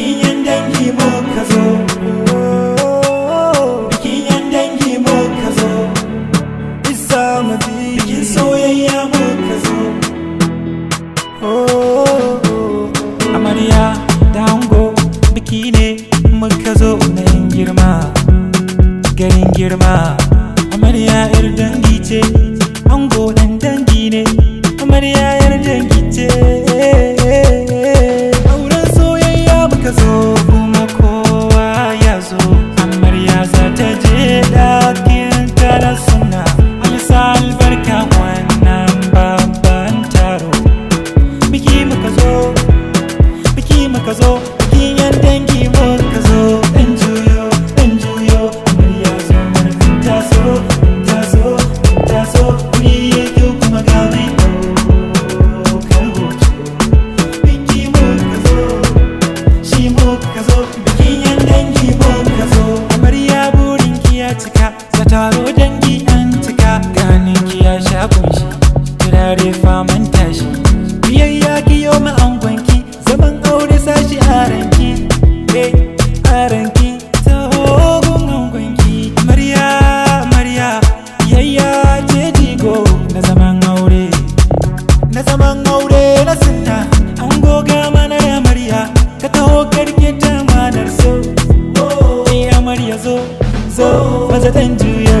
bikin yan dangi muka zo bikin yan isa mazi bikin soyayya muka zo amarya da ango biki ne muka zo na yin girma garin girma amarya yar dangi ce ango dan dangi ne amarya ta kunshi turare faman tashi biyayya ki yau ma'angwanki zaman aure sashi aranki eh aranki ta hogun angwanki marya marya biyayya ce digo na zaman aure na zaman aure na sinta an goga mana ya marya ka taho karke ta manar so eh amarya zo zo mazatan juyo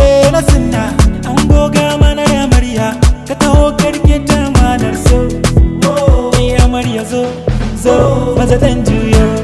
aure na sunna an goga mana ya amarya ka taho karke ta manar so ya amarya zo zo maza juyo